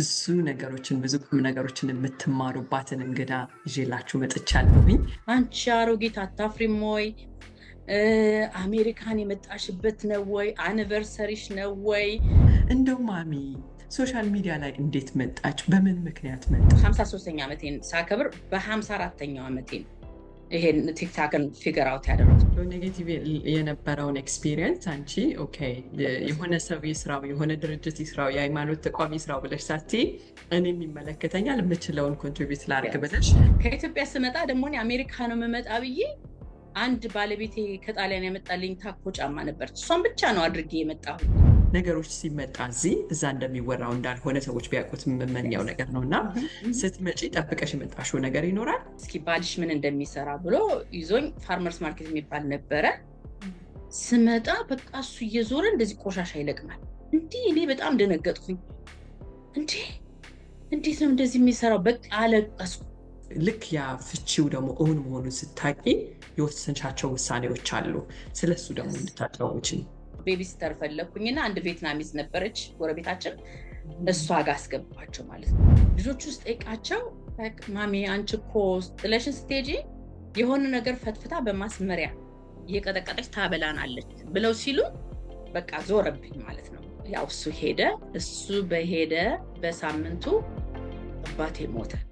ብዙ ነገሮችን ብዙ ቁም ነገሮችን የምትማሩባትን እንግዳ ይዤላችሁ መጥቻለሁኝ። አንቺ አሮጊት አታፍሪም ወይ? አሜሪካን የመጣሽበት ነው ወይ? አኒቨርሰሪሽ ነው ወይ? እንደው ማሚ ሶሻል ሚዲያ ላይ እንዴት መጣች? በምን ምክንያት መጣ? 53 ዓመቴን ሳከብር በ54ኛው ዓመቴ ነው ይሄን ቲክታክን ፊገር አውት ያደረጉ ኔጌቲቭ የነበረውን ኤክስፒሪየንስ አንቺ ኦኬ የሆነ ሰው ይስራው፣ የሆነ ድርጅት ይስራው፣ የሃይማኖት ተቋም ይስራው ብለሽ ሳቲ እኔም ይመለከተኛል የምችለውን ኮንትሪቢዩት ላርግ ብለሽ ከኢትዮጵያ ስመጣ ደግሞ አሜሪካ ነው የምመጣ ብዬ አንድ ባለቤቴ ከጣሊያን ያመጣልኝ ታኮ ጫማ ነበር እሷን ብቻ ነው አድርጌ የመጣሁ ነገሮች ሲመጣ እዚህ እዛ እንደሚወራው እንዳልሆነ ሰዎች ቢያውቁት የምመኛው ነገር ነው እና ስትመጪ ጠብቀሽ የመጣሽው ነገር ይኖራል። እስኪ ባልሽ ምን እንደሚሰራ ብሎ ይዞኝ ፋርመርስ ማርኬት የሚባል ነበረ። ስመጣ በቃ እሱ እየዞረ እንደዚህ ቆሻሻ ይለቅማል። እንዲህ እኔ በጣም ደነገጥኩኝ። እንዴ እንዴት ነው እንደዚህ የሚሰራው? በቃ አለቀስኩ። ልክ ያ ፍቺው ደግሞ እውን መሆኑን ስታቂ የወሰንሻቸው ውሳኔዎች አሉ። ስለሱ ደግሞ እንድታጫወችኝ ቤቢስተር ፈለግኩኝና አንድ ቬትናሚዝ ነበረች ጎረቤታችን፣ እሷ ጋር አስገባቸው ማለት ነው። ልጆቹ ውስጥ ጠይቃቸው ማሚ አንቺ እኮ ጥለሽን ስቴጂ የሆነ ነገር ፈትፍታ በማስመሪያ እየቀጠቀጠች ታበላናለች ብለው ሲሉ በቃ ዞረብኝ ማለት ነው። ያው እሱ ሄደ። እሱ በሄደ በሳምንቱ አባቴ ሞተ።